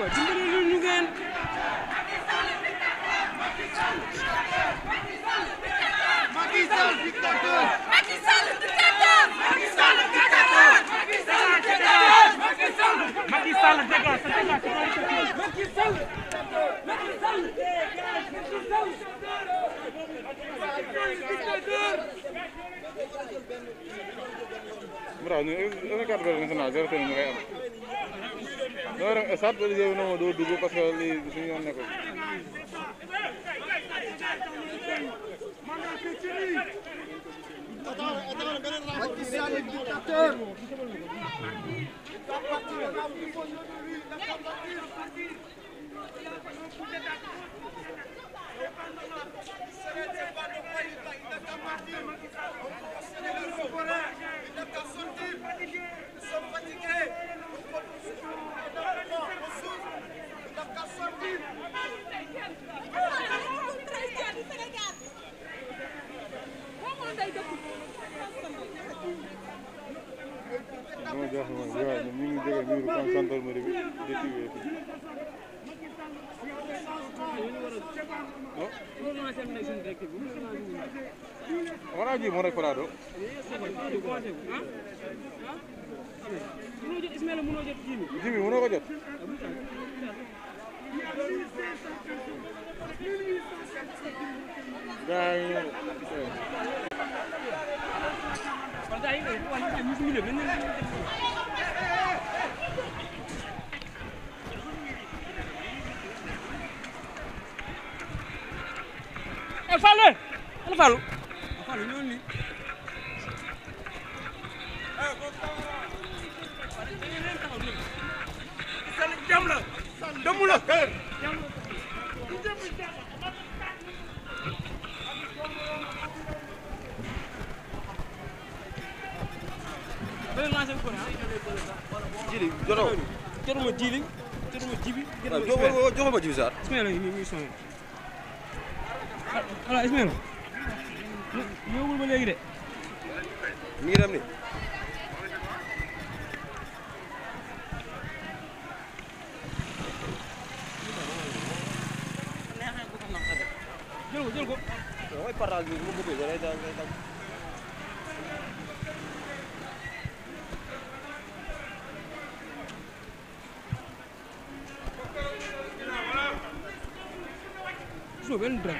waaw dimbali lu ñu ngeen. Macky Sall dictateur. Macky Sall dictateur. Macky Sall dictateur. Macky Sall dictateur. Macky Sall dictateur. Macky Sall dégage. Macky Sall dictateur. Macky Sall dégage. Macky Sall dictateur. Bravo, nu, ene carte națională, zero pe nu mai am. doo dem stade Élysée bi na ma doo dugg parce que lii suñu yoon nekkul. Vamos El eh, Fallou El eh. Fallou jili jotoo jotuma jili jotuma jibi joxuma jibi saar Ismaïla ñëwul ba léegi de. mi ngi dem ni. jël ko jël ko. waaw mooy partage bi bu ma ko bëggee day daal day daal. suuf benn dërëm.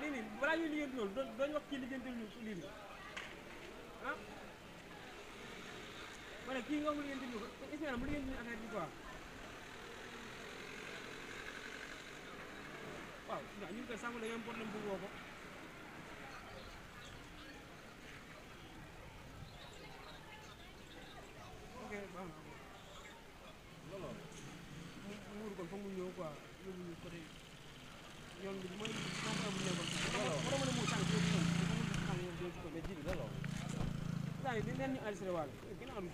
lii nii balaa ñuy liggéey loolu doo dooñu wax kii liggéeyante ñu lii nii ah ma ne kii nga wax mu liggéeyante ñu ko Ismaïla mu liggéeyante ñu affaire bi quoi waaw ñu ngi koy sàmm dañoo am problème bu ko yi li leen ñu enregistré waale gën a am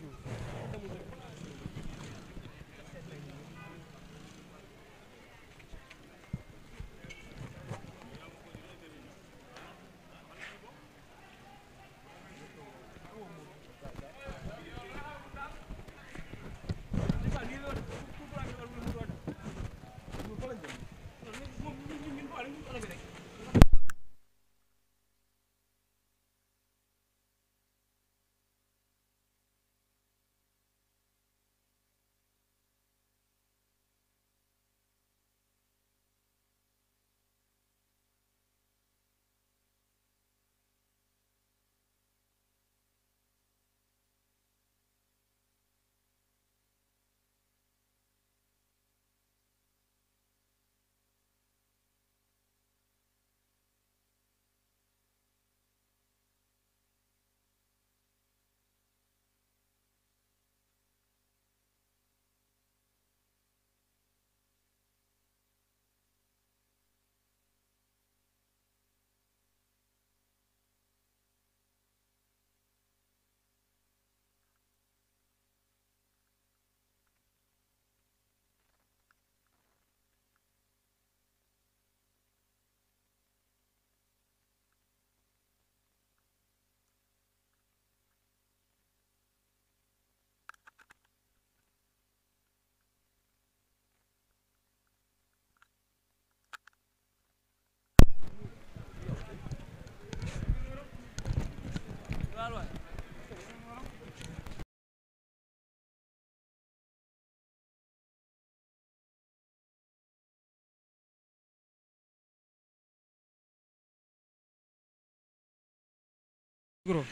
micro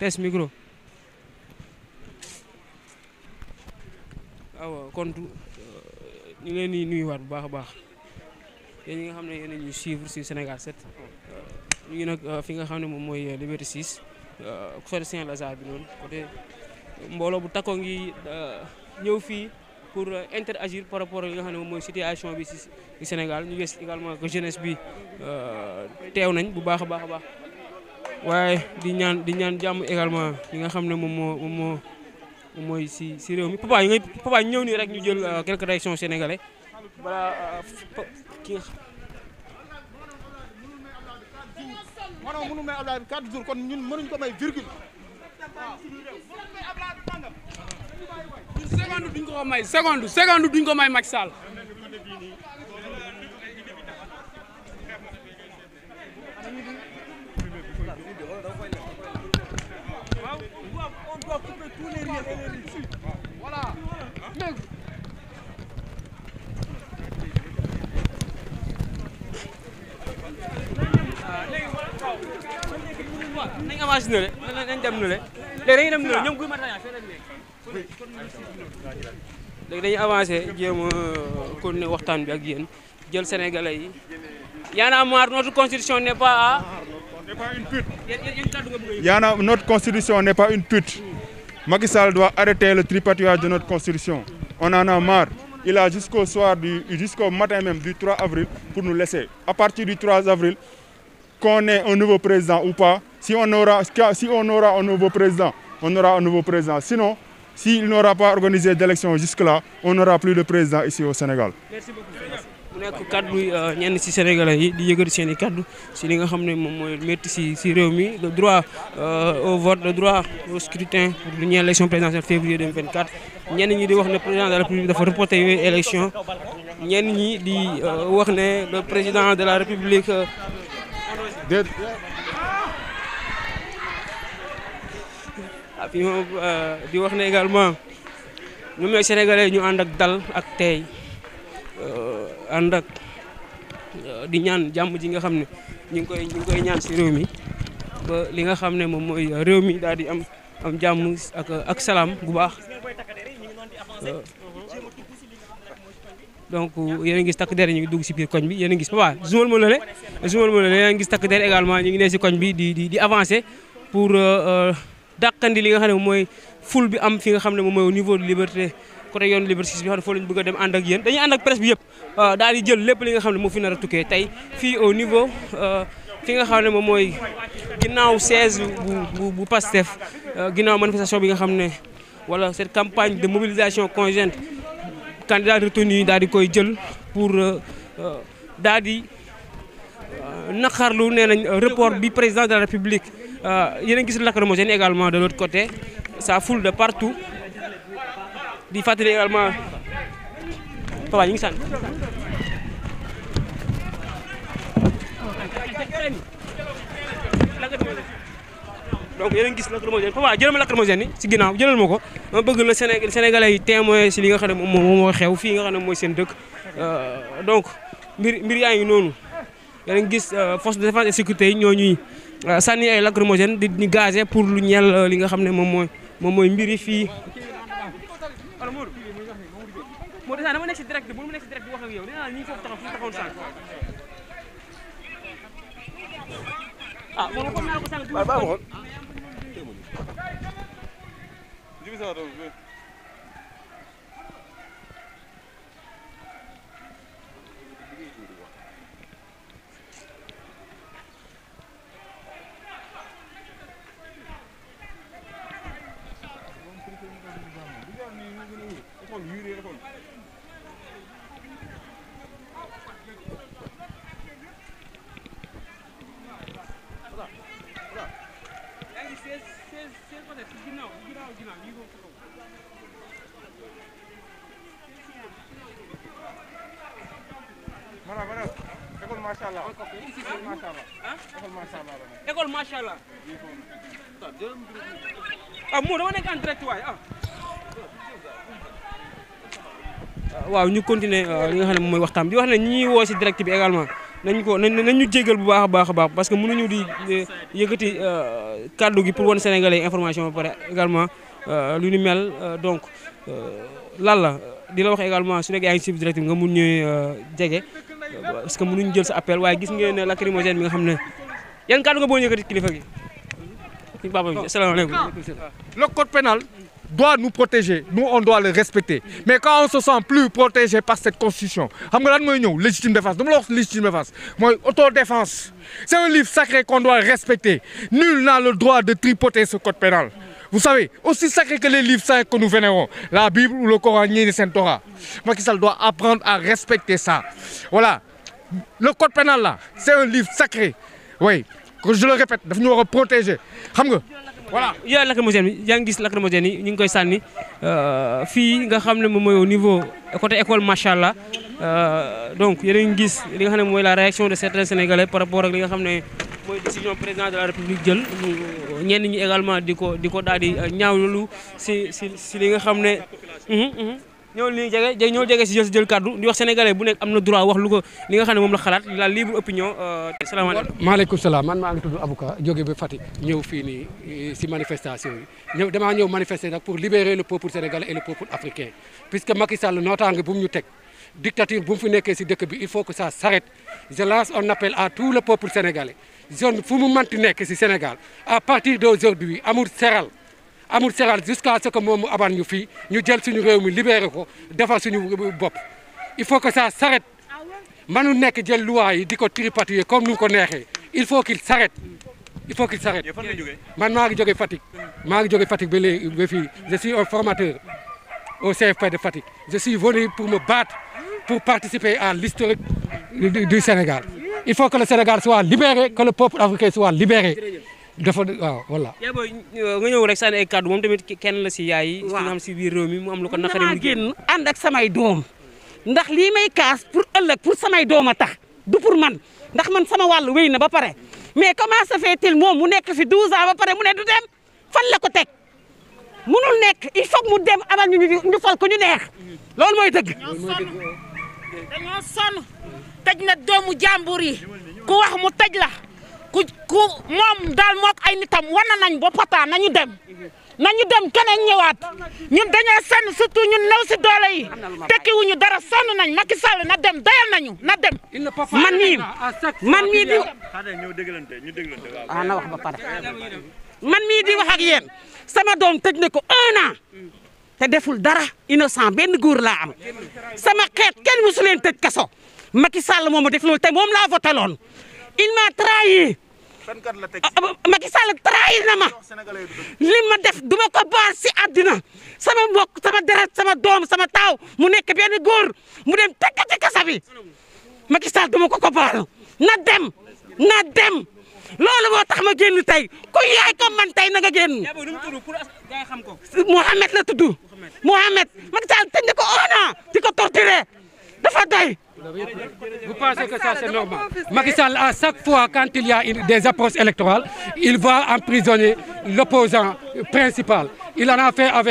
test micro waaw kon euh, ñu ngi leen di nuyuwaat bu baax a baax yéen ñi nga xam ne yéen a ñuy suivre ci Sénégal 7 euh, ñu ngi nag euh, fi nga xam ne moom mooy Liberté 6 côté saint bi noonu mbooloo bu takkoo ngi ñëw fii pour interagir par rapport yi nga xam ne moom mooy situation bi ci Sénégal ñu gis également que jeunesse bi teew nañ bu baax a baax a baax. waaye di ñaan di ñaan jàmm également li nga xam ne moom moo moom mooy si si réew mi papa ñu papa ñëw nii rek ñu jël euh, quelques réactions sénégalais balaa euh, ki nga maanaam mënu may kon ñun mënuñ ko may virgule seconde duñ ko may seconde seconde duñ ko may Macky Sall Voilà. Mais... avance nële nañ dem nële léegi dañuy dem nële ñoom guy avancé jéem a waxtaan bi ak yéen jël sénégalais yi Y'en a notre constitution n'est pas une pute. Y'en notre constitution n'est pas une pute. Macky Sall doit arrêter le tripatouillage de notre constitution. On en a marre. Il a jusqu'au soir, jusqu'au matin même du avril pour nous laisser. À partir du 3 avril, qu'on ait un nouveau président ou pas, si on, aura, un nouveau président, on président. Sinon, s'il n'aura pas organisé d'élection jusque-là, président ici au Sénégal. nekk kaddu euh, ñenn si sénégalais yi di yëgër seeni i kaddu ci li nga xam ne moom mooy métti si ci réew mi le droit euh, au vote de droit au scrutin pour lu ñeel élection présidentielle février 2024 ñenn ñi di ne président de la république dafa ñi di euh, wax ne le président de la république. Ah, di wax ne également ñoom ñooy sénégalais ñu ànd ak dal ak tey. Euh, ànd ak euh, di ñaan jàmm ji nga xam ne ñu ngi koy mi li nga xam ne moom mooy euh, réew mi daal di am am jàmm ak ak salaam bu baax donc yéen a ngi gis takk der ñu ngi dugg si biir koñ bi yéen a gis papa zumal ma lale zumal ma lale yéen a ngi gis takk der également ñu ngi ne si koñ bi di di di avancé pour dàqandi li nga xam ne moom mooy ful bi am fi nga xam ne moom mooy au niveau de liberté côté yoonu Liberté 6 bi xam ne foo lañ bëgg a dem ànd ak yéen dañuy ànd ak presse bi yëpp euh, daal di jël lépp li nga xam ne moo fi nar a tukkee tey fii au niveau euh, fi nga xam ne moom mooy ginnaaw 16 bu bu bu Pastef euh, ginnaaw manifestation bi nga xam ne wala cette campagne de mobilisation conjointe candidat retenu yi daal di koy jël pour daal di naqarlu nee nañ report bi président de la République yéen a ngi moo lacrymogène également de l'autre côté ça foule de partout di fàttali également papa ñu ngi sànni. donc yéen a ngi gis lacrymogène papa jëlal ma lacrymogène yi si ginnaaw jëlal ma ko ma bëgg la Sénégal sénégalais yi témoin si li nga xam ne moom moo xew fii nga xam ne mooy seen dëkk. Euh, donc mbir mbir yaa ngi noonu yéen gis euh, force de défense et sécurité yi ñoo ñuy euh, sànni ay lacrymogène di ñu pour lu ñeel li nga xam ne moom mooy moom mooy mbir yi fii. naa dama nekk si direct bu mu nekk si direct wax ak yow nee naa ñi foofu taxaw fi taxawoon sànq ah moom comme naa ko sànq macha allah école macha allah. ah moo dama nekk en direct waay ah. waaw ñu continuer li nga xam ne moom mooy waxtaan bi di wax ne ñi ñuy woo si direct bi également. nañ ko nañ nañ ñu jéggal bu baax baax a baax parce que mënuñu di yëkkati euh, kàddu gi pour wan sénégalais information ba pare également euh, lu ni mel euh, donc lan la di la wax également su nekk yaa ngi ci nga mun ñuy jege parce que mënuñ jël sa appel waaye gis ngeen ne lacrymogène bi nga xam ne yan kàddu nga boo yëkkati kilifa gi. suñu papa bi asalaamaaleykum. le doit nous protéger nous on doit le respecter mais quand on se sent plus protégé par cette constitution xam nga lan mooy ñëw légitime défense dama la wax légitime défense mooy autodéfense c'est un livre sacré qu'on doit respecter nul n'a le droit de tripoter ce code pénal vous savez aussi sacré que les livres saints que nous vénérons la Bible ou le Coran ñii di seen Torah Macky Sall doit apprendre à respecter ça voilà le code pénal là c'est un livre sacré oui je le répète daf ñu xam nga voilà yaa lacrymogène bi yaa ngi gis lacrymogène yi ñu ngi koy sànni euh, fii nga xam ne moom mooy au niveau côté école macha allah euh, donc yéen a ngi gis li nga xam ne mooy la réaction de certains sénégalais par rapport ak li nga ne mooy décision président de la république jël ñenn ñi également di ko di ko daal di euh, ñaawlu si si si li nga xam ne. ñëwul nii jege jege ñëwul jege si jël si jël kàddu di wax sénégalais bu nekk am na droit wax lu ko li nga xam ne moom la xalaat la libre opinion. Euh, salaam man maa ngi tudd Abouka jóge ba Fatick ñëw fii nii euh, si manifestation yi ñëw damaa ñëw manifester nag pour libérer le peuple sénégalais et le peuple africain puisque Macky Sall nootaange bu mu ñu teg. dictature bu mu fi nekkee si dëkk bi il faut que ça s'arrête je lance appel à tout le peuple sénégalais zone fu mu manti nekk si Sénégal à partir d'aujourd'hui amul seral amul seral jusqu'à ce que moom mu abal ñu fii ñu jël suñu réew mi libéré ko defal suñu bopp il faut que ça s'arrête mënu nekk jël loi yi di ko tripatouiller comme nu ko neexee il faut qu'il s'arrête il faut qu'il s'arrête man maa ngi jóge Fatick maa ngi jóge Fatick ba léegi fii je suis un formateur au CFP de Fatick je suis venu pour me battre pour participer à l'historique du Sénégal il faut que le Sénégal soit libéré que le peuple africain soit libéré dafa waaw voilà. Euh, nga ñëw rek sànni ay kàddu moom tamit kenn la si yaay yi. waaw si biir réew mi mu am lu ko naqari. génn ànd ak samay doom ndax lii may kaas pour ëllëg pour samay doom a tax du pour man ndax man sama wàll wéy na ba pare mais comment se fait-il moom mu nekk fi 12 ans ba pare mu ne du dem fan la ko teg munul nekk il faut mu dem amal ñu ñu fal ko ñu neex loolu mooy dëgg. dañoo sonn tëj na doomu jàmbur yi ku wax mu tëj la. ku ku moom daal mook ay nitam wana nañ ba pata nañu dem nañu dem keneen ñëwaat ñun dañoo sonn surtout ñun néew si doole yi tekkiwuñu dara sonn nañ Macky Sall na dem dayal nañu na dem man mii man mii di ah na wax ba pare man mii di wax ak sama doom tëj ne ko un te deful dara innocent benn guur laa am sama xeet kenn musu leen keso kaso Macky Sall moom ma def te moom laa voté il m'a trahi. Ah, ah, Macky Sall trahi na ma li ma def du ma ko baal si àddina sama mbokk sama deret sama doom sama taaw mu nekk benn góor mu dem tekk ci kasa bi Macky ko ko baal na dem na dem loolu moo tax ma génn tey ku yaay ko man tey na nga génn. Mohamed la tudd Mohamed Macky Sall ko un an ko torturer. dafa day vous pensez que chaque fois quand il y a une, des approches électorales il va emprisonner l'opposant principal il en a fait avec